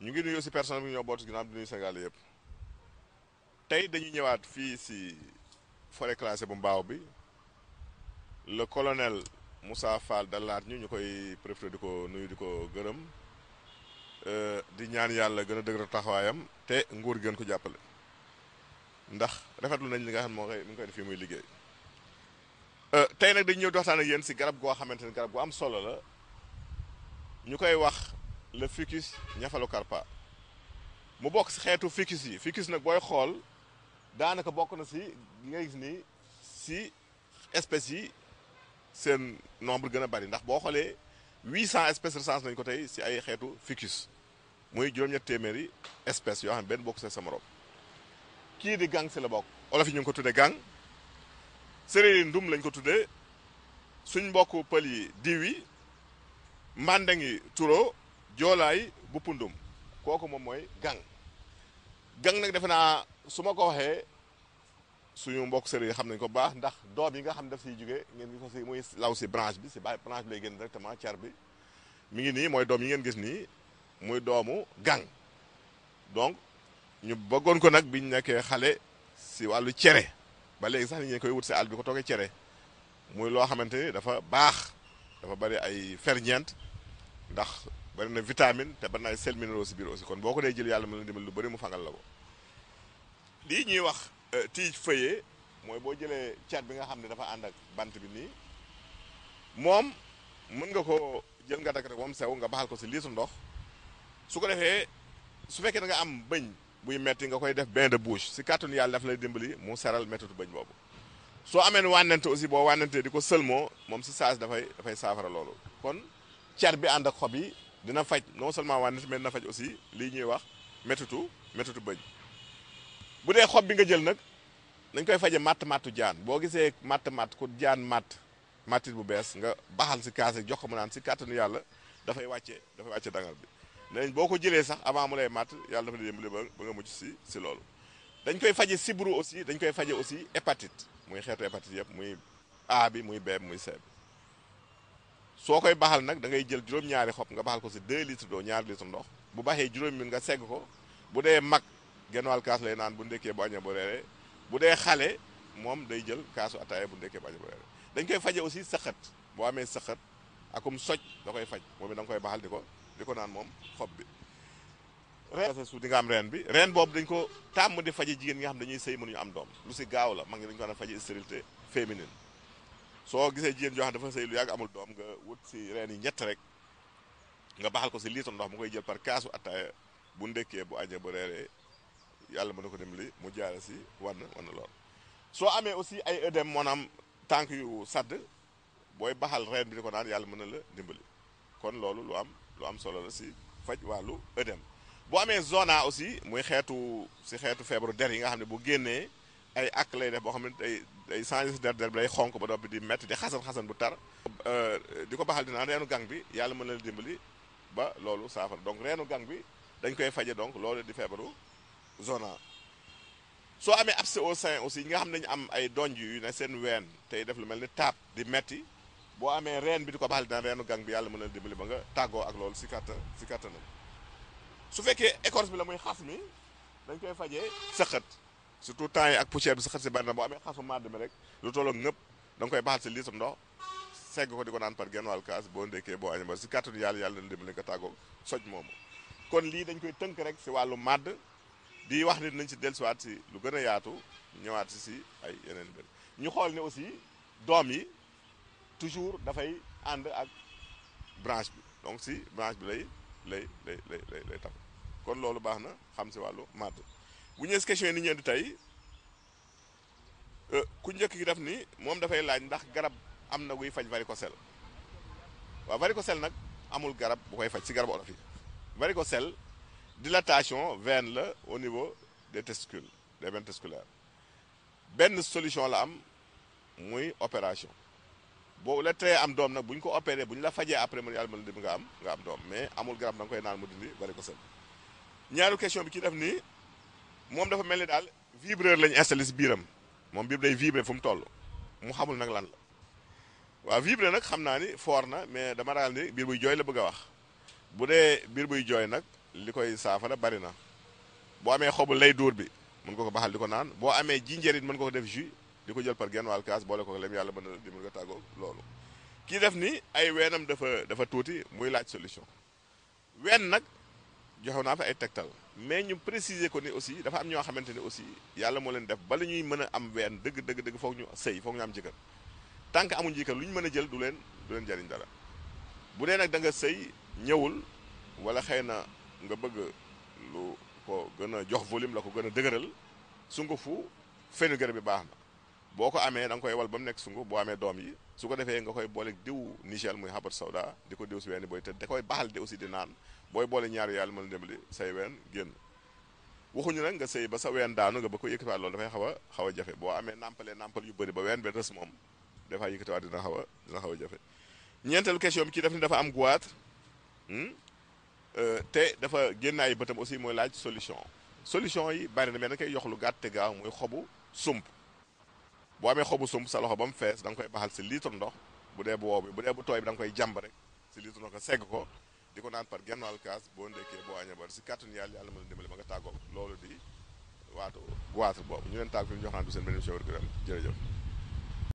ñu ngi nuyu aussi personnel bi ñoo boot ginnaaw di nuyu Sénégal yëpp tey dañu ñëwaat fii si forêt classée bu mbaaw bi le colonel Moussa Fall dalaat ñu ñu koy préféré di ko nuyu di ko gërëm euh, di ñaan yàlla gën a dëgër taxawaayam te nguur gën ko jàppale ndax rafetlu nañ li nga xam moo koy mi ngi koy def fii muy liggéey euh, tey nag dañu ñëw di waxtaan ak yéen si garab goo xamante ne garab gu am solo la ñu koy wax le ficus ñafalukarpa mu bokk si xeetu fikis yi ficus nag booy xool daanaka bokk na si ngay gis ni si espèces yi seen nombre gën a bari ndax boo xoolee huit cent espèces recensées nañu ko tey si ay xeetu ficus muy juróom-ñett téeméeri espèces yoo xam ne benn bokk see sa morom kii di gang si la bokk olof yi ñu ko tuddee gang séeréer ndum lañ ko tuddee suñ mbokk pël yi diw yi mbàndeng yi turo joolaay bu pundum kooku moom mooy gang gang nag defe naa su ma ko waxee suñu mbokk sëriñ xam nañ ko baax ndax doom yi nga xam daf siy jóge ngeen gis ko si muy law si branche bi si bàyyi branche bi lay génn directement car bi mu ngi nii mooy doom yi ngeen gis nii muy doomu gang donc ñu bëggoon ko nag bi ñu nekkee xale si wàllu cere ba léegi sax nit ñi koy wut si àll bi ko toogee cere muy loo xamante ni dafa baax dafa bari ay ferñeent ndax bari na vitamine te bari na ay sel minéraux si biir aussi kon boo ko dee jël yàlla mën na dimbali lu bëri mu fangal la ko lii ñuy wax euh, tige feuillée mooy boo jëlee caat bi nga xam ne dafa ànd ak bant bi nii moom mën nga ko jël nga dagg rek moom sew nga baxal ko si liisu ndox su ko defee su fekkee da nga am bëñ buy metti nga koy def bain de bouche si kàttanu yàlla dafa lay dimbali mu seral mettitu bëñ boobu soo amee wànnante aussi boo wànnantee di ko sëlmoo moom si saas dafay dafay saafara loolu kon bi ànd ak xob yi dina faj non seulement wànnit mais dina faj aussi lii ñuy wax métutu métutu bëñ bu dee xob bi nga jël nag dañ koy faje matt mattu jaan boo gisee matt matt ku jaan matt mattit bu bees nga baxal si kaas jox ko mu naan si kàttanu yàlla dafay wàcce dafay wàcce dangal bi nee boo ko jëlee sax avant mu lay matt yàlla dafa démbale ba ba nga mucc si si loolu dañ koy faje sibru aussi dañ koy faje aussi hépatite muy xeetu hépatite yëpp muy A bi muy B muy C soo koy baxal nag da ngay jël juróom-ñaari xob nga baxal ko si 2 litres d'eau ñaari litres ndox bu baxee juróom min nga segg ko bu dee mag genn wàll kaas lay naan bu ndekkee bu añee bu reeree bu dee xale moom day jël kaasu ataaya bu ndekkee bu añee bu reeree dañ koy faje aussi sëqat boo amee sëqat akum soj da koy faj moom it da koy baxal di ko di ko naan moom xob bi reen su di nga am reen bi reen boobu dañ ko tàmm di faje jigéen ñi nga xam dañuy sëy mënuñu am doom lu si la mag ñi dañ ko daan faje stérilité féminine soo gisee jigéen joo dafa sëy lu yàgg amul doom nga wut si reen yi ñett rek nga baxal ko si liito ndox mu koy jël par kaasu attaaya bu ndekkee bu añee bu reeree yàlla mën na ko dimbali mu jaare si wann wann lool soo amee aussi ay œdème maanaam tànk yu sadd booy baxal reen bi di ko naan yàlla mën na la dimbali kon loolu lu am lu am solo la si faj wàllu œdème boo amee zona aussi muy xeetu si xeetu feebaru der yi nga xam ne bu génnee ay ak lay def boo xam ne day day changé si der der bi day xonk ba dopp bi di métti di xasan-xasan bu tar euh, di ko baxal dinaan reenu gang bi yàlla mën na la dimbali ba loolu saafara donc reenu gang bi dañ koy faje donc loolu di feebaru zona soo amee abcès au sein aussi ñi nga xam ne ñu am ay donj yu ne seen ween tey def lu mel ni taab di metti boo amee reen bi di ko baxal dinaan reenu gang bi yàlla mën na la dimbali ba nga tàggoo ak loolu si kattan si kattanam su fekkee écorce bi la muy xas mi dañ koy fajee sëqët surtout temps yi ak poussière bi sa xat si bari na boo amee xasu madd mi rek lu tolloog nëpp da koy baxal si litre ndox segg ko di ko naan par genn wàll kaas boo ndékkee boo añ ba si kàttanu yàlla yàlla na nga tàggoo soj moomu kon lii dañ koy tënk rek si wàllu madd di wax nit nañ si dellusiwaat si lu gën a yaatu ñëwaat si si ay yeneen mbir ñu xool ne aussi doom yi toujours dafay ànd ak branche bi donc si branche bi lay lay lay lay kon loolu baax na xam si wàllu madd bu ñëwee si question yi ni ñu indi tey euh, ku njëkk gi daf ni moom dafay laaj ndax garab am na guy faj varicocèle waaw varicocèle nag amul garab bu koy faj si garabu olof yi varicocèle dilatation veine la au niveau des testicules des veines testiculaires benn solution la am muy opération boo la teree am doom nag bu ñu ko opéré bu ñu la fajee après mu yàlla mën dim nga am nga am doom mais amul garab da nga koy naan mu dindi varicocèle ñaaru question bi ci def nii moom dafa mel ni daal vibreur lañu installé si biiram moom biir day vibré fu mu toll mu xamul nag lan la waaw vibré nag xam naa ni foor na mais dama ragal ni biir buy jooy la bëgg a wax bu dee biir buy jooy nag li koy saafara bari na boo amee xobu lay duur bi mën ko ko baxal di ko naan boo amee jinjeer mën ko ko def jus di ko jël par genn wàll kaas boole ko lem yàlla mën na la dimbali nga tàggoo loolu. kii def ni ay weenam dafa dafa tuuti muy laaj solution ween nag joxe naa fa ay tegtal mais ñu préciser ko ni aussi dafa am ñoo xamante ni aussi yàlla moo leen def bala ñuy mën a am ween dëgg dëgg dëgg foog ñu sëy foog ñu am jëkkër tant que amuñ jëkkër lu ñu mën a jël du leen du leen jariñ dara bu dee nag da nga sëy ñëwul wala xëy na nga bëgg lu ko gën a jox volume la ko gën a dëgëral sungufu fenu garab bi baax na boo ko amee da nga koy wal ba mu nekk sungu boo amee doom yi su ko defee nga koy booleeg diw nigel muy xabar sawda di ko diw si ween booy te da koy baaxal de aussi di naan booy boole ñaari yàlla mën a dimbali say ween génn waxuñu nag nga sëy ba sa ween daanu nga ba ko yëkkatiwaat xaw a xaw a boo amee nàmpalee nàmpal yu bëri ba ween ba des moom dafaa yëkkatiwaat dina a dina xaw a jafe ñeenteelu question bi kii daf ni dafa am goitre hmm? euh, te dafa génn bëtam aussi mooy laaj solution solution yi bari na mais da koy yox lu gàtt te gaaw mooy xobu sump boo amee xobu sump sa loxo ba mu fees da nga koy baxal si litre ndox bu dee bu wow bi bu dee bu tooy bi da koy jàmb rek si litre ndox nga segg ko di ko naan par genn wàll kaas boo ndekkee boo añee ba si kàttanu yàlla yàlla mën a dimbali ma nga tàggoog loolu di waatu waatu boobu ñu leen tàgg fi mu joxaan du seen beneen show jërëjëf